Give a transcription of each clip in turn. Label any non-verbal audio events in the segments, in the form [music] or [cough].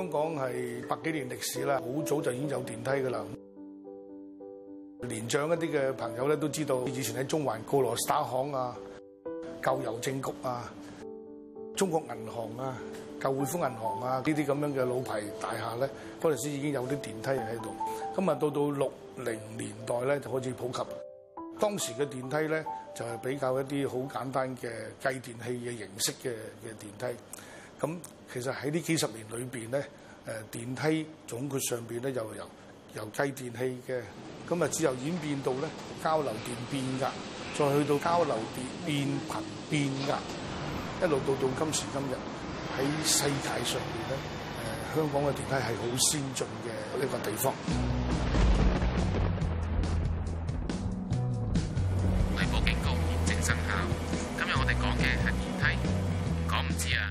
香港係百幾年歷史啦，好早就已經有電梯嘅啦。年長一啲嘅朋友咧都知道，以前喺中環告羅士打行啊、舊郵政局啊、中國銀行啊、舊匯豐銀行啊呢啲咁樣嘅老牌大廈咧，嗰陣時已經有啲電梯喺度。咁啊，到到六零年代咧，就開始普及。當時嘅電梯咧，就係比較一啲好簡單嘅繼電器嘅形式嘅嘅電梯。咁其實喺呢幾十年裏邊咧，誒電梯總括上邊咧又由由繼電器嘅，咁啊只由演變到咧交流電變壓，再去到交流電，電頻變頻變壓，一路到到今時今日喺世界上邊咧，誒香港嘅電梯係好先進嘅一個地方。雷暴警告現正生效，今日我哋講嘅係電梯，講唔知啊！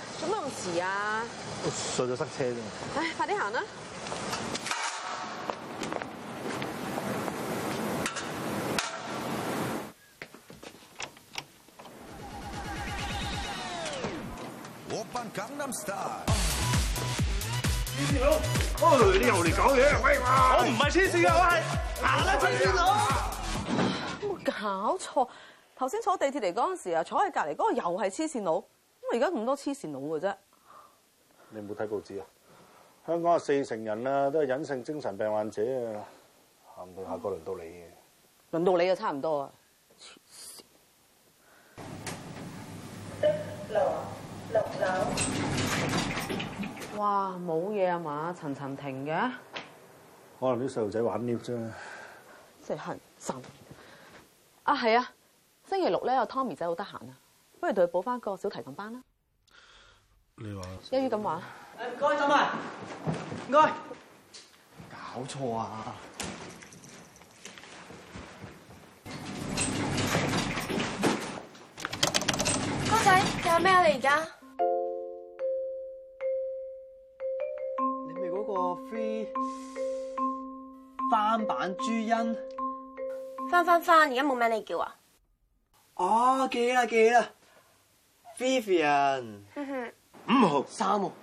做乜咁遲啊？上咗塞車啫。唉，快啲行啦！我扮江南 star。黐線佬，你又嚟講嘢，喂，我唔係黐線佬，我係行啦，黐線佬。冇搞錯，頭先坐地鐵嚟嗰陣時啊，坐喺隔離嗰個又係黐線佬。而家咁多黐線佬嘅啫，你有冇睇報紙啊？香港有四成人啊，都係隱性精神病患者啊！行到下個輪到你嘅，輪到你啊，差唔多啊！哇，冇嘢啊嘛？層層停嘅，可能啲細路仔玩 lift 啫。真係神啊！係啊，星期六咧，阿 Tommy 仔好得閒啊！不如同佢補翻個小提琴班啦。你話？一於咁話。誒、哎，各位沈啊，唔該。搞錯啊！哥仔，叫咩啊？你而家？你咪嗰個 free 翻版朱茵？翻翻翻，而家冇咩你叫啊？哦，記啦，記啦。Vivian，五、mm-hmm、號、三號、五、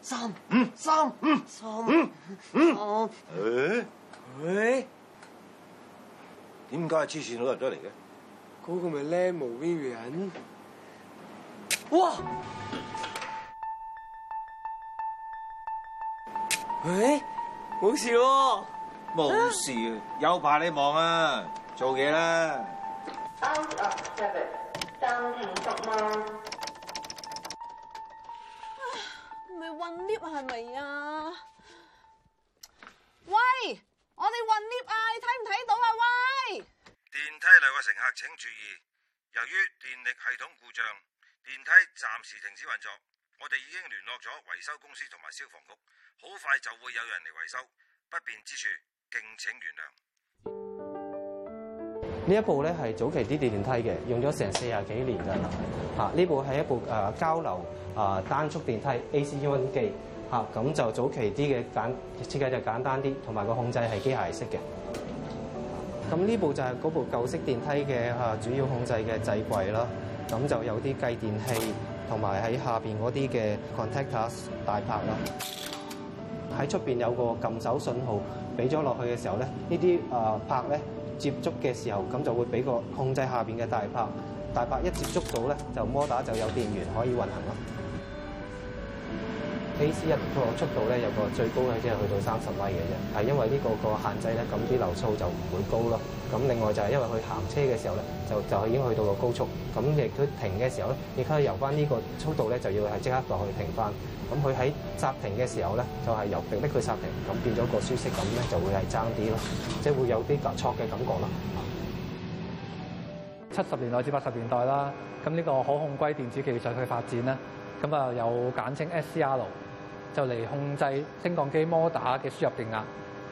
三、五、三、五、三、五、五。誒，喂，點解黐線佬人都嚟嘅？嗰個咪靚模 Vivian。哇！喂，欸，冇事喎，冇 [laughs] [laughs] 事，有排你忙啊，做嘢啦。Hands up, David 暫停十秒。 [noise] 嗯哦 l i 啊，係咪啊？喂，我哋運 l 啊，你睇唔睇到啊？喂，電梯來個乘客，請注意，由於電力系統故障，電梯暫時停止運作。我哋已經聯絡咗維修公司同埋消防局，好快就會有人嚟維修，不便之處，敬請原諒。呢一部咧係早期啲電梯嘅，用咗成四十幾年啦。嚇、啊，呢部係一部誒交流啊單速電梯 AC u n 機。嚇、啊，咁就早期啲嘅簡設計就簡單啲，同埋個控制係機械式嘅。咁呢部就係嗰部舊式電梯嘅、啊、主要控制嘅掣櫃啦。咁就有啲繼電器，同埋喺下邊嗰啲嘅 contactor 大拍啦。喺出邊有個撳手信號俾咗落去嘅時候咧，這些呢啲誒拍咧。接觸嘅時候，咁就會俾個控制下面嘅大拍，大拍一接觸到咧，就摩打就有電源可以運行咯。A C 一個速度咧，有個最高嘅即係去到三十米嘅啫，係因為呢個個限制咧，咁啲流速就唔會高咯。咁另外就係因為佢行車嘅時候咧，就就已經去到個高速，咁亦都停嘅時候咧，亦都係由翻呢個速度咧，就要係即刻落去停翻。咁佢喺剎停嘅時候咧，就係由迫迫佢剎停，咁變咗個舒適感咧，就會係爭啲咯，即係會有啲急挫嘅感覺啦。七十年代至八十年代啦，咁呢個可控硅電子技術去發展啦。咁啊有簡稱 SCR，就嚟控制升降機摩打嘅輸入電壓。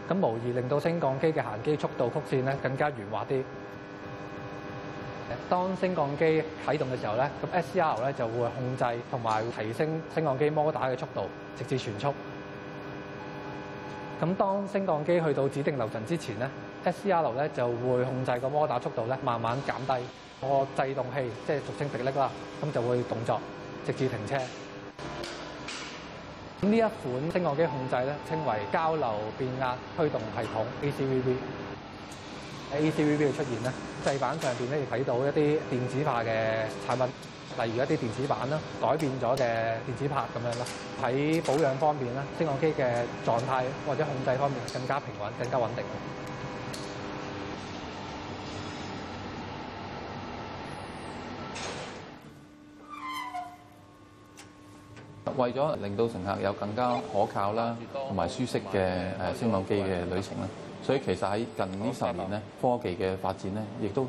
咁無疑令到升降機嘅行機速度曲線咧更加圓滑啲。當升降機啟動嘅時候咧，咁 SCR 咧就會控制同埋提升升降機摩打嘅速度，直至全速。咁當升降機去到指定樓層之前咧，SCR 咧就會控制個摩打速度咧慢慢減低，個制動器即係俗稱迫力啦，咁就會動作，直至停車。咁呢一款升降機控制咧，稱為交流變壓推動系統 （ACVV）。喺 ACVV 嘅出現咧，製板上邊咧亦睇到一啲電子化嘅產品，例如一啲電子板啦，改變咗嘅電子拍咁樣啦。喺保養方面咧，升降機嘅狀態或者控制方面更加平穩，更加穩定。為咗令到乘客有更加可靠啦，同埋舒適嘅誒升降機嘅旅程咧，所以其實喺近呢十年咧，科技嘅發展咧，亦都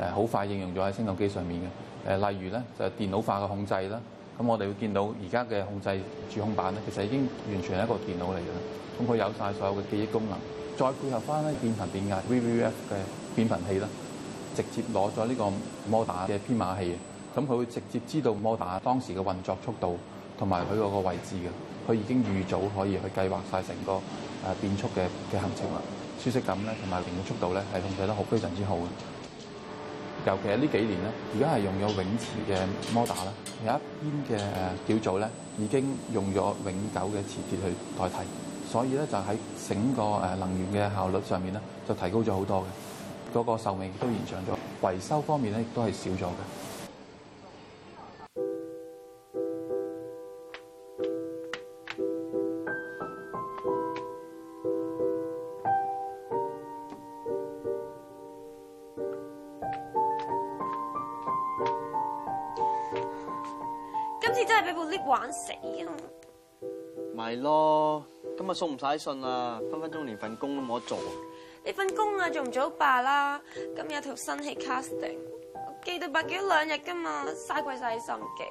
誒好快應用咗喺升降機上面嘅誒。例如咧就係電腦化嘅控制啦，咁我哋會見到而家嘅控制主控板咧，其實已經完全係一個電腦嚟嘅。咁佢有晒所有嘅記憶功能，再配合翻咧變頻變壓 VVF 嘅變頻器啦，直接攞咗呢個摩打嘅編碼器，咁佢會直接知道摩打當時嘅運作速度。同埋佢嗰個位置嘅，佢已經預早可以去計劃晒成個誒變速嘅嘅行程啦，舒適感咧同埋變速度咧係控制得好非常之好嘅。尤其係呢幾年咧，而家係用咗永磁嘅摩打啦，有一邊嘅誒叫做咧已經用咗永久嘅磁鐵去代替，所以咧就喺整個誒能源嘅效率上面咧就提高咗好多嘅，嗰個壽命亦都延長咗，維修方面咧亦都係少咗嘅。今次真係俾部 lift 玩死啊！咪咯，今日送唔晒信啊，分分鐘連份工都冇得做。啊，呢份工啊，做唔做罷啦？今日有條新戲 casting，我寄到白幾兩日㗎嘛，嘥鬼晒心機。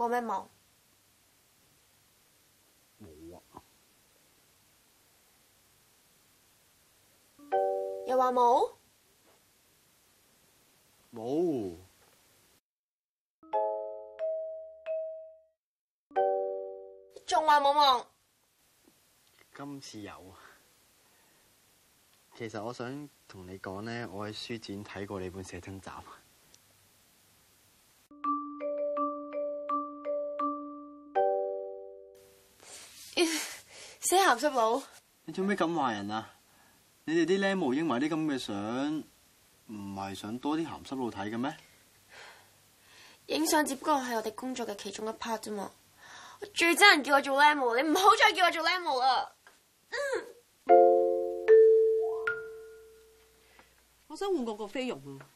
冇咩夢？冇啊又說沒有！又話冇？冇。仲話冇夢？今次有啊！其實我想同你講呢，我喺書展睇過你本寫真集。遮鹹濕佬，你做咩咁話人啊？你哋啲僆模影埋啲咁嘅相，唔係想多啲鹹濕佬睇嘅咩？影相只不過係我哋工作嘅其中一 part 啫嘛。我最憎人叫我做僆模，你唔好再叫我做僆模啊！我想換個個菲傭啊！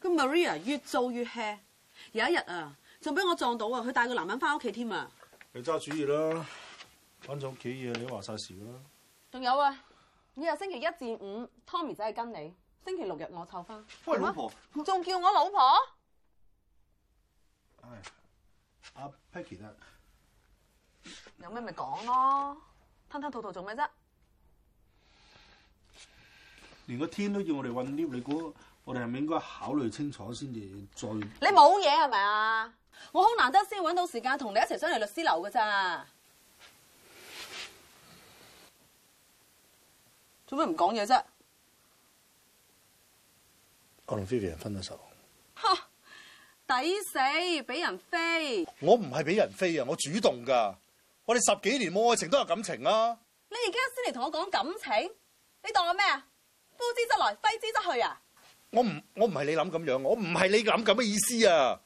咁 Maria 越做越 hea，有一日啊，就俾我撞到啊，佢帶個男人翻屋企添啊！你揸主意啦。搵咗屋企嘢，你都話晒事啦。仲有啊，以後星期一至五 Tommy 仔係跟你，星期六日我湊翻。喂，老婆，仲叫我老婆？唉、哎，阿 Peggy 得有咩咪講咯，吞吞吐吐做咩啫？連個天都要我哋搵 lift，你估我哋係咪應該考慮清楚先至再？你冇嘢係咪啊？我好難得先搵到時間同你一齊商量律師樓噶咋？做咩唔講嘢啫？我同菲菲分咗手，嚇，抵死俾人飛！我唔係俾人飛啊，我主動噶。我哋十幾年冇愛情都有感情啦。你而家先嚟同我講感情，你當我咩啊？呼之則來，揮之則去啊！我唔，我唔係你諗咁樣，我唔係你諗咁嘅意思啊！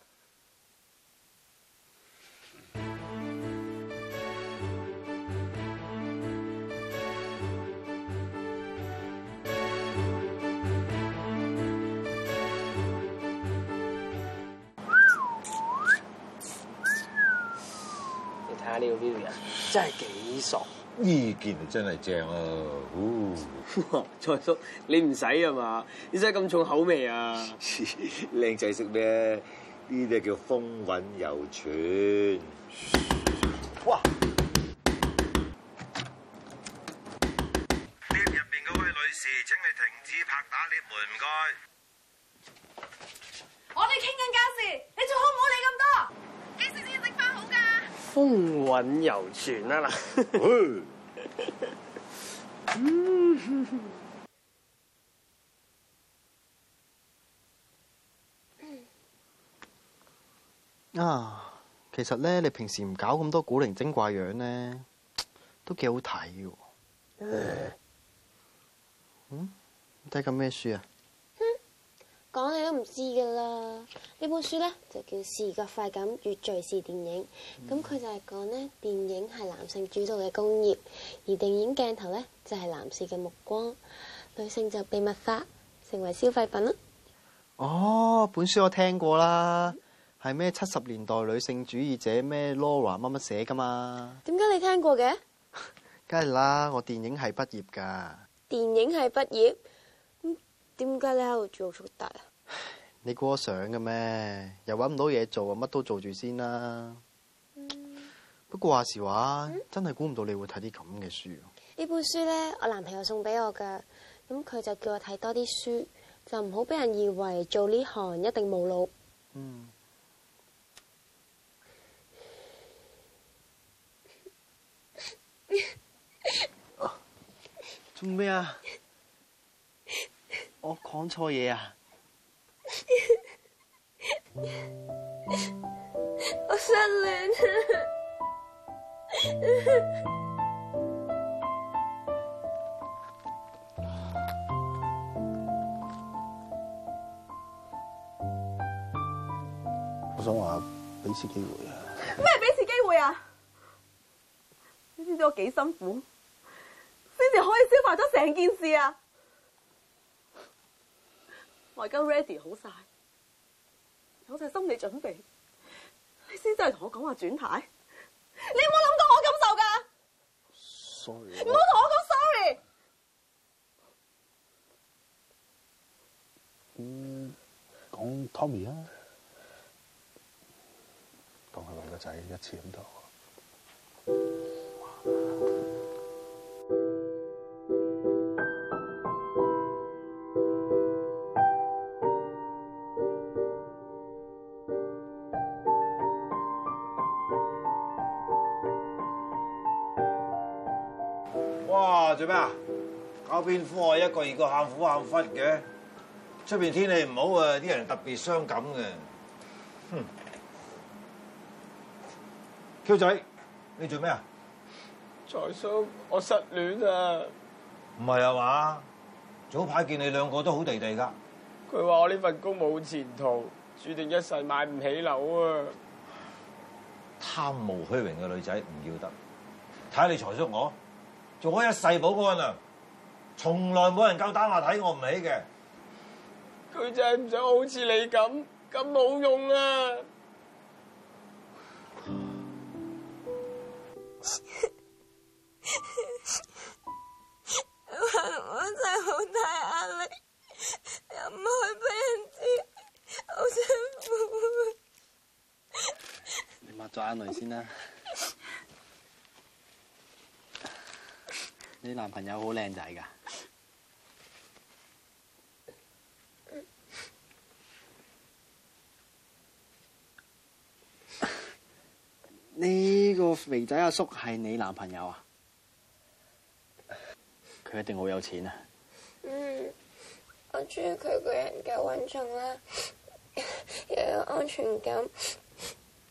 真係幾傻，意見真係正啊！哇， [laughs] 蔡叔，你唔使啊嘛，你使咁重的口味啊！靚仔食咩？呢啲叫風韻猶傳。哇！𨋢 入邊嗰位女士請你停止拍打 𨋢 門，唔該。風韻猶存啊啊，其實咧，你平時唔搞咁多古靈精怪樣咧，都幾好睇嘅。嗯，睇緊咩書啊？唔知噶啦，呢本書咧就叫《視覺快感與敘事電影》，咁佢就係講呢，電影係男性主導嘅工業，而電影鏡頭咧就係、是、男士嘅目光，女性就被物化成為消費品啦。哦，本書我聽過啦，係咩七十年代女性主義者咩 Laura 乜乜寫噶嘛？點解你聽過嘅？梗係啦，我電影系畢業噶。電影系畢業，咁點解你喺度做速達啊？你估我想嘅咩？又搵唔到嘢做，乜都做住先啦。不過話時話，嗯、真係估唔到你會睇啲咁嘅書。呢本書咧，我男朋友送俾我噶。咁佢就叫我睇多啲書，就唔好俾人以為做呢行一定冇腦。嗯。做 [laughs] 咩啊？什麼我講錯嘢啊！我想話俾次機會啊！咩俾次機會啊？你知唔知我幾辛苦？你哋可以消化咗成件事啊！我而家 ready 好晒。我晒心理準備，你先真係同我講話轉態？你有冇諗過我感受噶？sorry，唔好同我講 sorry。嗯，講 Tommy 啊，當佢兩個仔一次咁到。做咩啊？搞邊科啊！一個二個喊苦喊忽嘅。出面天氣唔好啊，啲人特別傷感嘅。哼！Q 仔，你做咩啊？財叔，我失戀啊！唔係啊嘛？早排見你兩個都好地地㗎。佢話我呢份工冇前途，注定一世買唔起樓啊！貪慕虛榮嘅女仔唔要得。睇下你財叔我。做咗一世保安啊，從來冇人夠膽話睇我唔起嘅。佢就係唔想好似你咁咁冇用啊！我真係好大壓力，又唔好俾人知，好辛苦。你抹咗眼淚先啦。你男朋友好靚仔噶？呢 [laughs] 個肥仔阿叔係你男朋友啊？佢 [laughs] 一定好有錢啊！嗯，我中意佢個人夠穩重啦，又有安全感，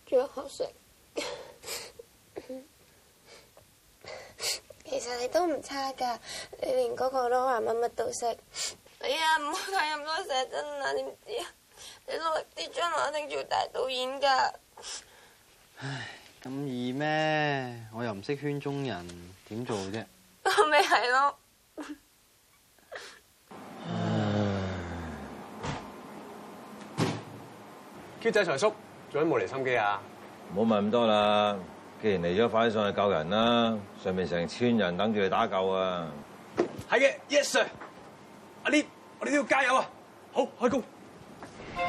仲有學識。但你都唔差噶，你連嗰個都話乜乜都識。哎呀，唔好睇咁多寫真啦，點知啊？你努力啲，將來定做大導演噶。唉，咁易咩？我又唔識圈中人，點做啫？咪係咯。唉。Q 仔財叔，做緊冇厘心機啊？唔好問咁多啦。既然嚟咗快啲上去救人啦，上面成千人等住你打救啊！係嘅，Yes sir，阿聶，我哋都要加油啊！好，開工今，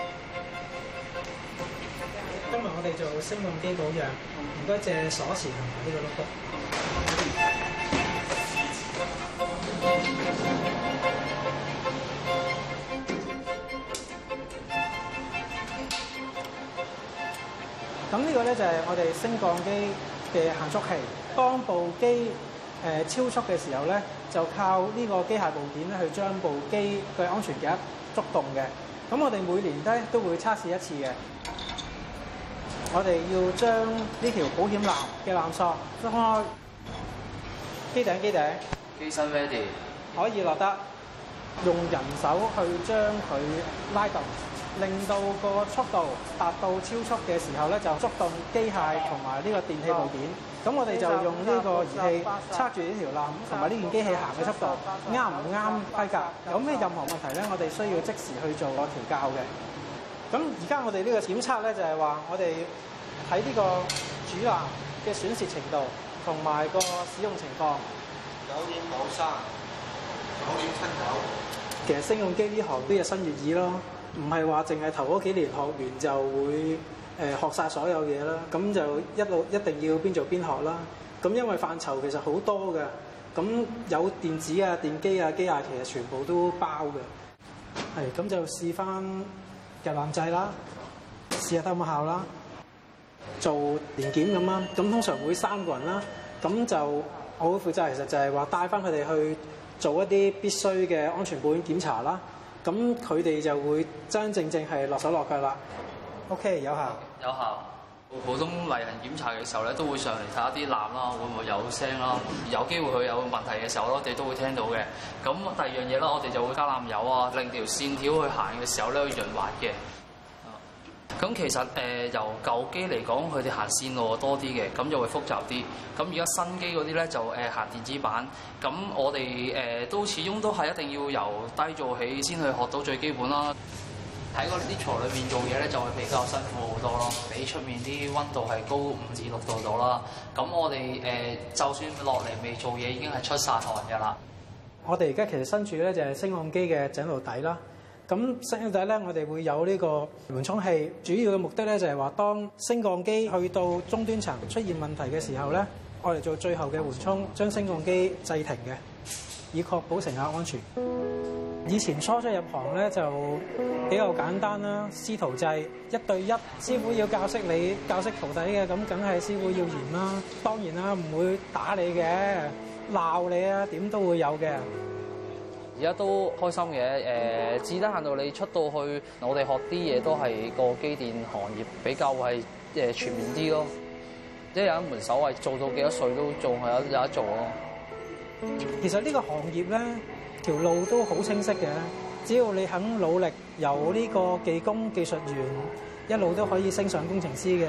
今日我哋做升降機保養，唔該借鎖匙同埋呢個碌木。呢、這個咧就係我哋升降機嘅限速器，當部機誒超速嘅時候咧，就靠呢個機械部件咧去將部機嘅安全夾觸動嘅。咁我哋每年咧都會測試一次嘅。我哋要將呢條保險纜嘅纜索鎖開。機頂，機頂。機身 ready。可以落得用人手去將佢拉動。令到個速度達到超速嘅時候咧，就觸動機械同埋呢個電器部件。咁我哋就用呢個儀器測住呢條纜同埋呢件機器行嘅速度啱唔啱規格，有咩任何問題咧，我哋需要即時去做個調校嘅。咁而家我哋呢個檢測咧，就係話我哋睇呢個主纜嘅損蝕程度同埋個使用情況。九點九三，九點七九。其實升降機呢行都日新月異咯。唔係話淨係頭嗰幾年學完就會誒學晒所有嘢啦，咁就一路一定要邊做邊學啦。咁因為範疇其實好多嘅，咁有電子啊、電機啊、機械、啊、其實全部都包嘅。係，咁就試翻入行制啦，試下得冇效啦，做年檢咁啦。咁通常會三個人啦，咁就我負責，其實就係話帶翻佢哋去做一啲必須嘅安全保險檢查啦。咁佢哋就會真真正正係落手落腳啦。OK，有效，有效。普通例行檢查嘅時候咧，都會上嚟睇下啲纜啦，會唔會有聲啦？有機會佢有問題嘅時候咧，我哋都會聽到嘅。咁第二樣嘢咧，我哋就會加纜油啊，令條線條去行嘅時候咧，去潤滑嘅。咁其實誒、呃、由舊機嚟講，佢哋行線路多啲嘅，咁就會複雜啲。咁而家新機嗰啲咧就誒行，呃、電子板。咁我哋誒都始終都係一定要由低做起，先去學到最基本啦。喺個 lift 裡面做嘢咧，就會比較辛苦好多咯，比出面啲溫度係高五至六度度啦。咁我哋誒、呃、就算落嚟未做嘢，已經係出晒汗嘅啦。我哋而家其實身處咧就係升降機嘅整路底啦。咁升降梯咧，我哋會有呢個緩衝器，主要嘅目的咧就係話當升降機去到終端層出現問題嘅時候咧，我哋做最後嘅緩衝，將升降機制停嘅，以確保乘客安全。以前初初入行咧就比較簡單啦，師徒制，一對一，師傅要教識你，教識徒弟嘅，咁梗係師傅要嚴啦，當然啦，唔會打你嘅，鬧你啊，點都會有嘅。而家都開心嘅，誒至得限到你出到去，我哋學啲嘢都係個機電行業比較係誒、呃、全面啲咯，即係有一門手藝做到幾多歲都仲係有有得做咯。其實呢個行業咧條路都好清晰嘅，只要你肯努力，由呢個技工技術員一路都可以升上工程師嘅。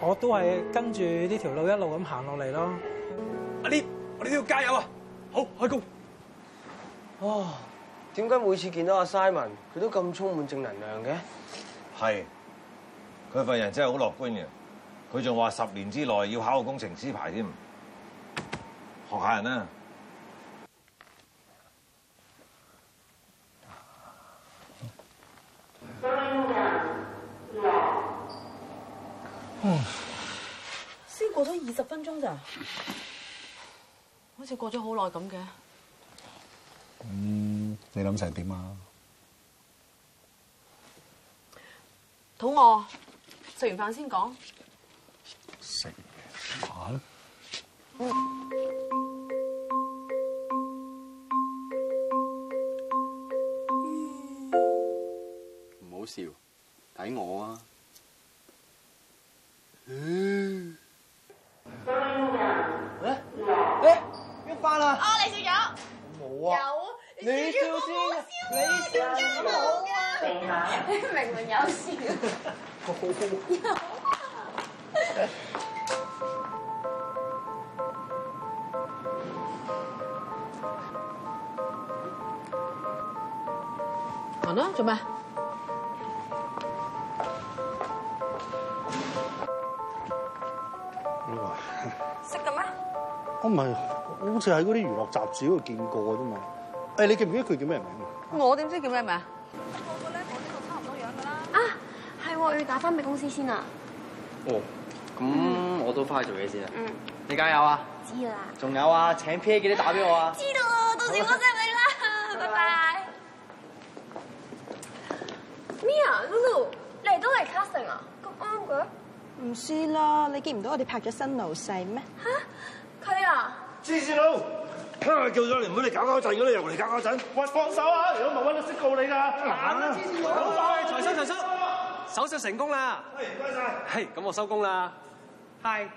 我都係跟住呢條路一路咁行落嚟咯。阿 n i 我哋都要加油啊！好，開工。哇、哦！點解每次見到阿 Simon 佢都咁充滿正能量嘅？係，佢份人真係好樂觀嘅。佢仲話十年之內要考個工程師牌添，學下人啦。三、嗯 [music] ，先 [music] [music] 過咗二十分鐘咋？ [music] 好似過咗好耐咁嘅。咁你諗成點啊？肚餓，食完飯先講。食飯。嗯唔係，好似喺嗰啲娛樂雜誌嗰度見過啫嘛。誒，你記唔記得佢叫咩名啊？我點知叫咩名？我覺得我呢個差唔多樣啦。啊，係喎，要打翻俾公司先啊。嗯。哦，咁我都翻去做嘢先啦。嗯。你加油啊！知啦。仲有啊，請 PA 記得打俾我啊。知道啦，到時我錫你啦，拜拜，拜拜。Mia，Lulu。咩啊，Lulu 你哋都嚟 casting 啊？咁啱嘅？唔知啦，你見唔到我哋拍咗新老細咩？老，叫咗你唔好嚟搞搞震，咁你又嚟搞搞震。喂，放手啊！如果唔係我都識告你噶。好快，財叔，財叔，手術成功啦。係，唔該晒。係，咁我收工啦。係。